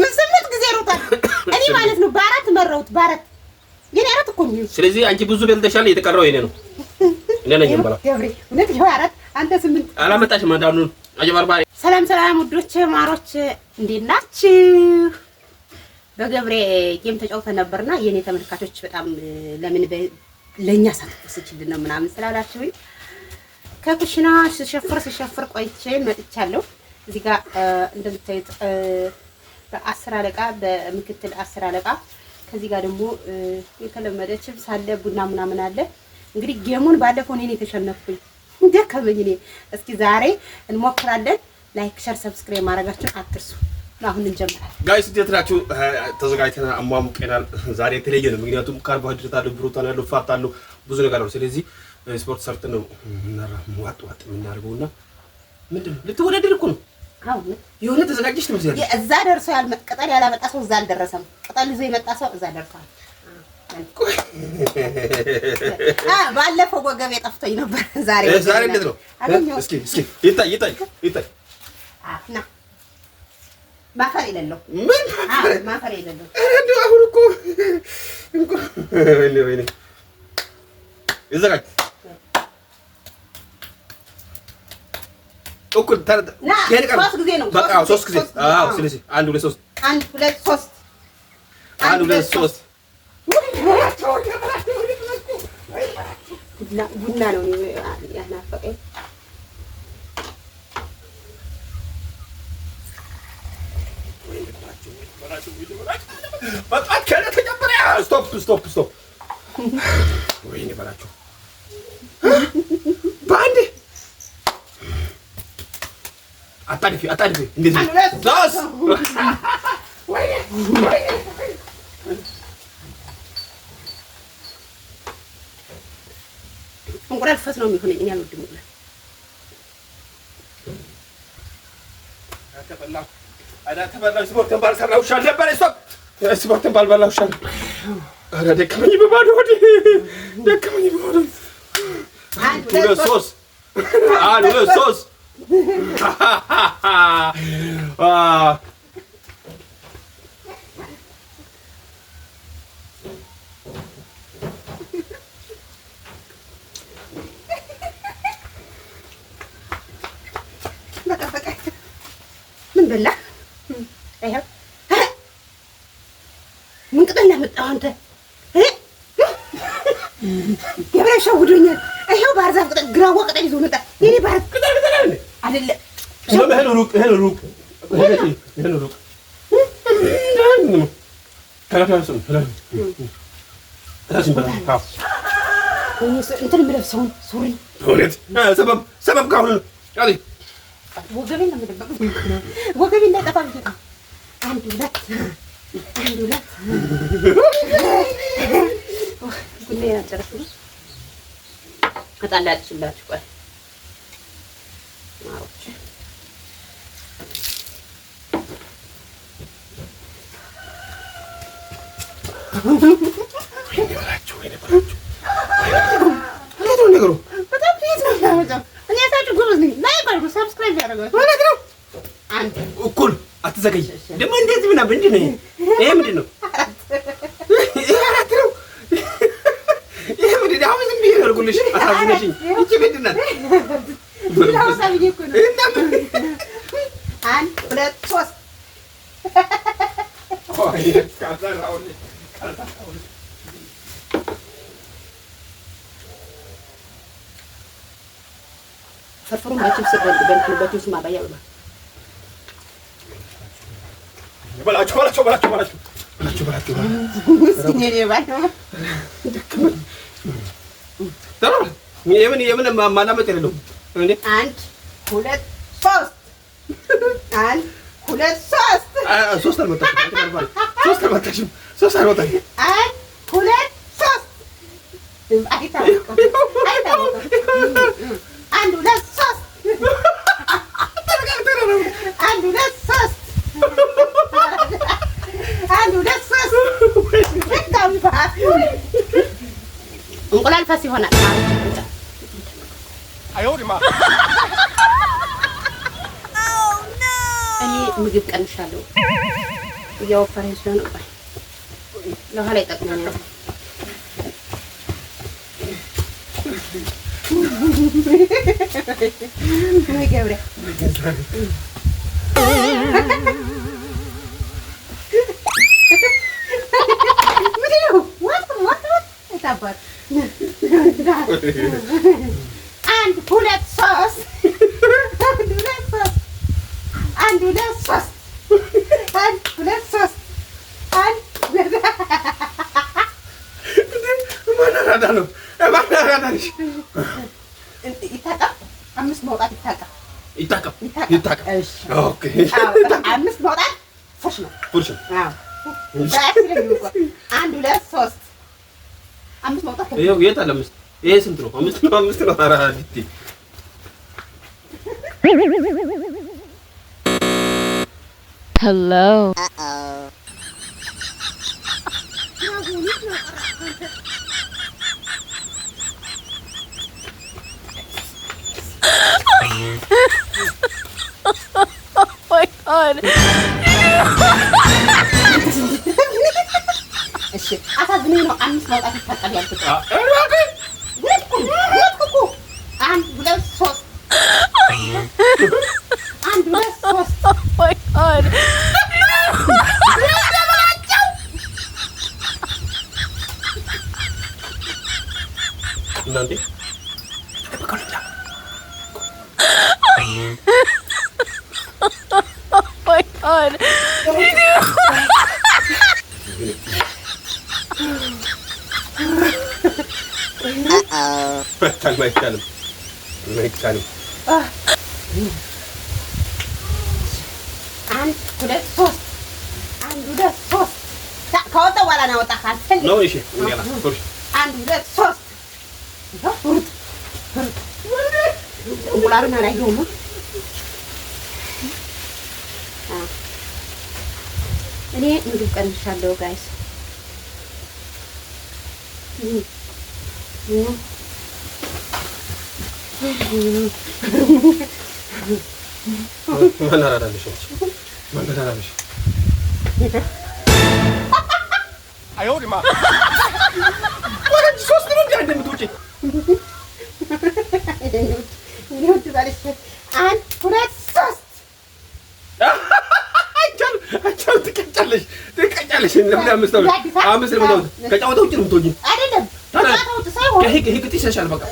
ምን ስምንት ጊዜ ሮጣ እኔ ማለት ነው በአራት መራሁት። በአራት የኔ አራት እኮ ነው። ስለዚህ አንቺ ብዙ በልተሻል። የተቀረው የኔ ነው። ለነኝም ባላ ገብሬ አንተ ስምንት አላመጣሽም። ሰላም ሰላም፣ ውዶች ማሮች፣ እንዴት ናችሁ? በገብሬ ጌም ተጫውተን ነበርና የኔ ተመልካቾች በጣም ለምን ለእኛ ሳትወስችልን ነው ምናምን ስላላችሁኝ ከኩሽና ስሸፍር ስሸፍር ቆይቼ መጥቻለሁ። እዚህ ጋር እንደምታዩት በአስር አለቃ በምክትል አስር አለቃ። ከዚህ ጋር ደግሞ የተለመደ ችብስ አለ፣ ቡና ምናምን አለ። እንግዲህ ጌሙን ባለፈው እኔን የተሸነፍኩኝ ደከመኝ እኔ። እስኪ ዛሬ እንሞክራለን። ላይክ፣ ሸር፣ ሰብስክራይብ ማድረጋችሁን አትርሱ። አሁን እንጀምራለን ጋይስ። እንዴት ናችሁ? ተዘጋጅተን አሟሙቀናል። ዛሬ የተለየ ነው፣ ምክንያቱም ካርቦሃይድሬት አለ፣ ፕሮቲን አለው፣ ፋት አለ፣ ብዙ ነገር አለው። ስለዚህ ስፖርት ሰርተን ነው ዋጥ ዋጥ የምናደርገውና ምንድን ነው ልትወዳደር እኮ ነው የሆነ ተዘጋጅሽ ነው እዛ ደርሶ ቅጠል ያላመጣ ሰው እዛ አልደረሰም። ቅጠል ይዞ የመጣ ሰው እዛ ደርሷል። ባለፈው ወገብ የጠፍቶኝ ነበር። ዛሬ ዛሬ እንዴት ነው? እስኪ እስኪ ይታይ ይታይ ይታይ ና ማፈር የሌለው ምን ማፈር የሌለው እንደው አሁን እኮ እኮ ወይኔ ወይኔ ይዘጋጅ እኩል ሶስት ጊዜ ነው። ስለዚህ አንድ ሁለት ሶስት አንድ ሁለት ሶስት አንድ ሁለት ሶስት ቡና ነው ያናፈቀኝ። ስቶፕ ስቶፕ ስቶፕ። ወይኔ በላቸው Attendez attendez filles, attends les filles. Allez, allez, danse Voyez, 와. ምን በላ? ይኸው ምን ቅጠል ያመጣው አንተ? ገብረ ሸውዶኛል። ይኸው ባህር ዛፍ ቅጠል፣ ግራዋ ቅጠል ይዞ መጣ። የኔ ባህር አይደለም እህል ሩቅ እህል ሩቅ እህል ሩቅ እንትን የምለብሰውን ሱሪ ሰበብ ሰበብ ካሁን ወገቤን ነው የምደበቀው። ወገቤ እንዳይጠፋ አንድ ሁለት አንድ ሁለት ጉዳይ ናጨረስ እጣላለች ብላችሁ ቆይ እኩል አትዘገይ። ደግሞ እንደዚህ ምናምን እንዲህ ነው። ይሄ ምንድን ነው? ይሄ አራት ነው። ይሄ ምንድን ነው? አሁን ዝም ብዬሽ ያልኩልሽ። አሳዝነሽኝ። ይቺ ምንድን ናት? አንድ ሁለት ሦስት ሰፈሩን መቼም ስበልጥ ውስጥ ማባያ ብሏል የምን የምን ማላመጥ የሌለውም አንድ ሁለት ሶስት አንድ ሁለት ሶስት ሶስት አልመጣሽም ሶስት አልመጣሽም አንድ ሁለት ሶስት pasti hona tahu. Ayo oh, no. Ini mengikutkan shadow. Ya operasi sudah apa? Lo hal itu kan? አንድ ሁለት ሶስት አንድ ሁለት ሶስት አንድ ሁለት ሶስት አንድ ሁለት ሶስት አንድ አምስት መውጣት ይታቀም ይታቀም ይታቀም። አምስት መውጣት ፉርሽ ነው የት አለ አምስት Yesentro, kami tidak kami tidak ada di sini. Hello. oh. my god. Eh, አይቻልም አይቻልም። እኔ ምግብ ቀንሻለሁ ጋይስ ከጫወታ ውጭ ነው የምትሆኝ። አይደለም ከሂቅ ሂቅ ይሻሻል በቃ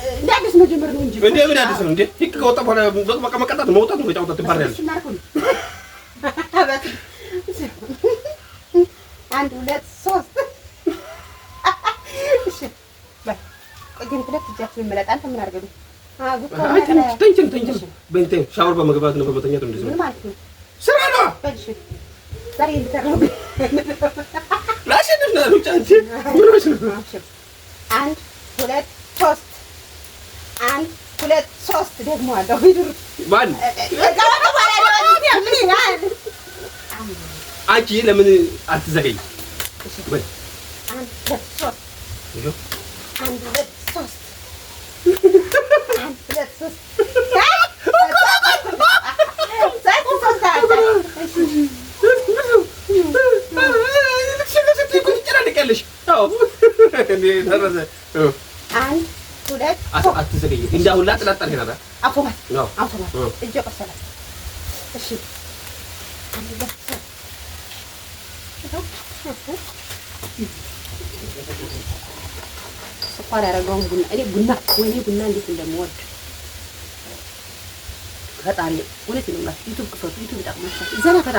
አዲስ መጀመር ነው እንጂ እንደ ምን አዲስ ነው እንዴ? ህግ ከወጣ በኋላ በቃ መቀጣት መውጣት ነው። የጫወታ ትባሪያለሽ። አንድ ሁለት ሶስት ግን ሁለት እጃችን መለጣ አንተ ምን አድርገህ ሻወር በመግባት ነው በመተኛት ነው ስራ ነው። አንድ ሁለት ሶስት ደግሞ አለው አንቺ ለምን አትዘገኝ? አንድ ስኳር ያደረገውን ቡና እኔ ቡና ወይኔ ቡና እንዴት እንደምወድ ፈጣሪ እውነት ነው የምላችሁ። ዩቱብ ክፈቱ፣ ዩቱብ ይጠቅማችኋል። ዘና ፈታ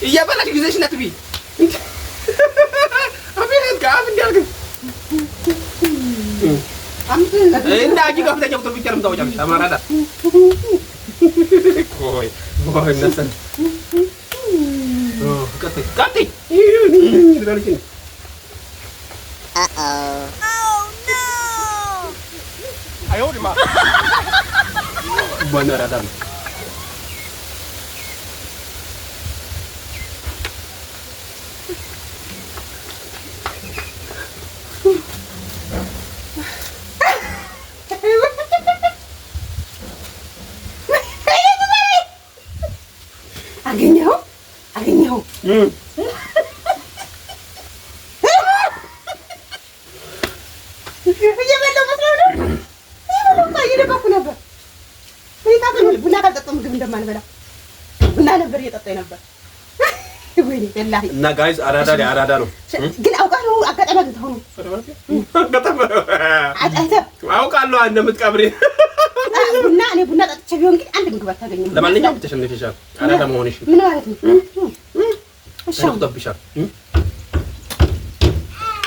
Iya balas lagi bisa sinat Apa yang kau akan Ini lagi kau tidak cukup terbicara untuk bicara sama Radha. Oh, oh, oh, oh, oh, oh, oh, oh, oh, oh, oh, oh, oh, oh, oh, oh, oh, oh, oh, አገኘኸው አገኘኸው ምግብ እንደማንበላ ቡና ነበር እየጠጣኝ እና ጋይዝ አራዳ ላይ አራዳ ነው ግን አውቃለሁ። አጋጣሚ አግኝተኸው ነው አውቃለሁ እንደምትቀብሬ እኔ ቡና ጠጥቼ ቢሆን ግን አንድ ምግብ አታገኝም። ለማንኛውም ተሸንፈሻል። አራዳ መሆንሽ ምን ማለት ነው? እሺ ተጠብሻል።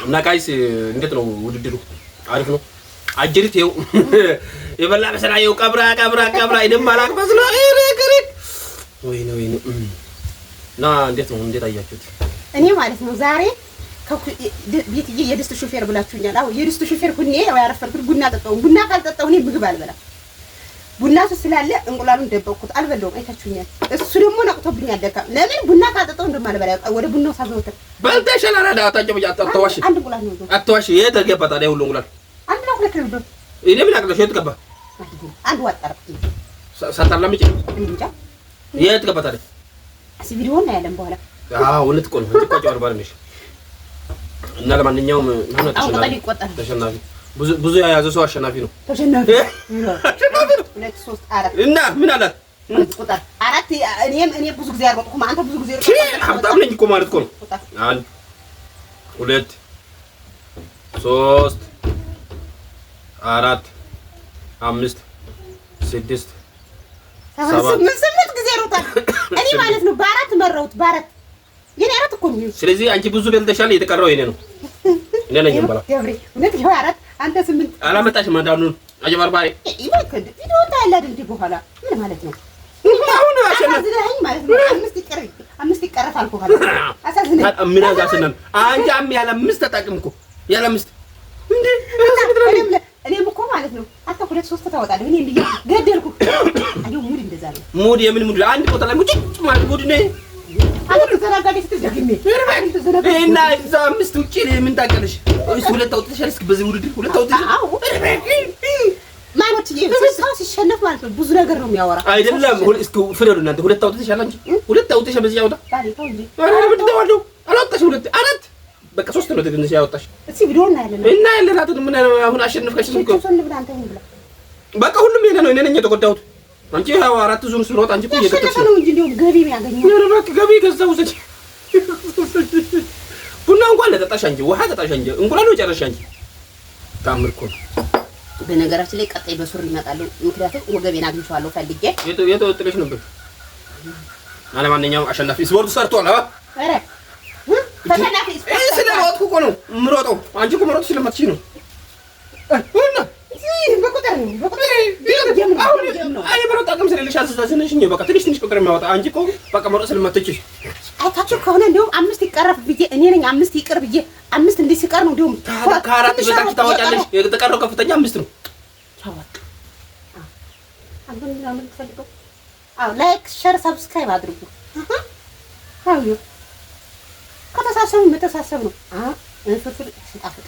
እና ቃይስ እንዴት ነው ውድድሩ? አሪፍ ነው። አጀሪት ይኸው የበላ መሰላ ይኸው ቀብራ ቀብራ ቀብራ ይደም አላቅበስ ነው። ወይ ነው። እና እንዴት ነው እንዴት አያችሁት? እኔ ማለት ነው ዛሬ ቤትዬ የድስት ሹፌር ብላችሁኛል። አዎ የድስት ሹፌር ሁኔ ያረፈርኩት ቡና ጠጣሁ። ቡና ካልጠጣሁ እኔ ምግብ አልበላም። ቡና እሱ ስላለ እንቁላሉን ደበቅኩት፣ አልበለውም። አይታችሁኛል። እሱ ደግሞ ነቅቶብኛል። ደካ ለምን ቡና ካጠጣው እንደማልበላ ያውቃል። ወደ ቡናው ሳዘወትር በልተሻል። አራዳ አታጨም። አትዋሽ፣ አንድ እንቁላል ነው አትዋሽ። የት ገባ ላይ ሁሉ እንቁላል? አንድ ነው ሁለት ነው። እኔ ምን አቅለሽ የት ገባ? አንድ ዋጣርኩት ሳታላምጪ እንጃ። የት ገባ ታዲያ? እሱ ቪዲዮ ነው ያለን በኋላ። አዎ እውነት እኮ ነው። አርባ ነሽ እና ለማንኛውም ተሸናፊ ብዙ የያዘ ሰው አሸናፊ ነው። ተሸናፊ እና ምን አላት? አራት እኔ ብዙ ጊዜ ሁለት ሶስት አራት አምስት ስድስት ስምንት ጊዜ ሮጣል። እኔ ማለት ነው በአራት መራሁት፣ በአራት የኔ አራት እኮ ነው። ስለዚህ አንቺ ብዙ በልተሻል፣ የተቀረው የኔ ነው። እኔ ነኝ የምበላው አንተ ስምንት አላመጣሽም። አንዳንዱን አጀባርባሪ ይባክህ ቪዲዮ ታያለህ እንዴ? በኋላ ምን ማለት ነው? አሁን አሳዝነኸኝ ማለት ነው። አምስት ይቀር አምስት ይቀረፋል እኮ ካለ አሳዝነኝ። ምን አሳዝነን? አንቺም ያለ አምስት ተጠቅምኩ ያለ አምስት እንዴ? እኔም እኮ ማለት ነው አታ ሁለት ሶስት ታወጣለህ። እኔ ብዬ ገደልኩ። አዲው ሙድ እንደዛ ነው። ሙድ የምን ሙድ? አንድ ቦታ ላይ ሙጭጭ ማለት ሙድ ነው። እና እዛ አምስት ውጭ ምን ታውቂያለሽ? ሁለት አውጥተሻል። እስኪ በዚህ ውድድር ሁለት አውጥተሻል። ሲሸነፍ ማለት ነው ብዙ ነገር ነው የሚያወራ። አይደለም እስኪ ፍረዱ እናንተ። ሁለት አውጥተሻል አንቺ፣ ሁለት አውጥተሻል። በዚህ ያውጣ ሁለት አራት በቃ ሶስት ነው ትግንሽ ያወጣሽ እና ያለን አሁን አሸንፍካሽ። በቃ ሁሉም ሄደ ነው። እኔ ነኝ የተጎዳሁት አንቺ ያው አራት ዙር ስሮጥ አንቺ እኮ እየከተተሽ ነው እንጂ እንደው ገቢ የሚያገኘው ኧረ እባክህ ገቢ ገዛ ውሰጂ። ቡና እንኳን ለጠጣሽ አንቺ ውሃ ጠጣሽ አንቺ እንቁላል ጨረሽ አንቺ። ታምር እኮ በነገራችን ላይ ቀጣይ በሱሪ እመጣለሁ። ምክንያቱም ወገቤን አግኝቼዋለሁ ፈልጌ የተወጥለሽ ነበር። አለማንኛውም አሸናፊ ስፖርቱ ሰርቷል። አባ ኧረ ተሸናፊ ስፖርት ስለሮጥኩ እኮ ነው የምሮጠው። አንቺ እኮ መሮጥ ስለማትችይ ነው እና አቅም የሚያወጣ አንቺ እኮ ከሆነ እንዲሁም አምስት ይቀረፍ ብዬ እኔ ነኝ አምስት ይቅር ብዬ አምስት እንዲህ ሲቀር ነው። እንዲሁም ከአራት በታች ታወጫለሽ። የተቀረው ከፍተኛ አምስት ነው። ላይክ ሸር ሰብስክራይብ አድርጉ። ከተሳሰቡ መተሳሰብ ነው። ፍርፍር ስጣፍጥ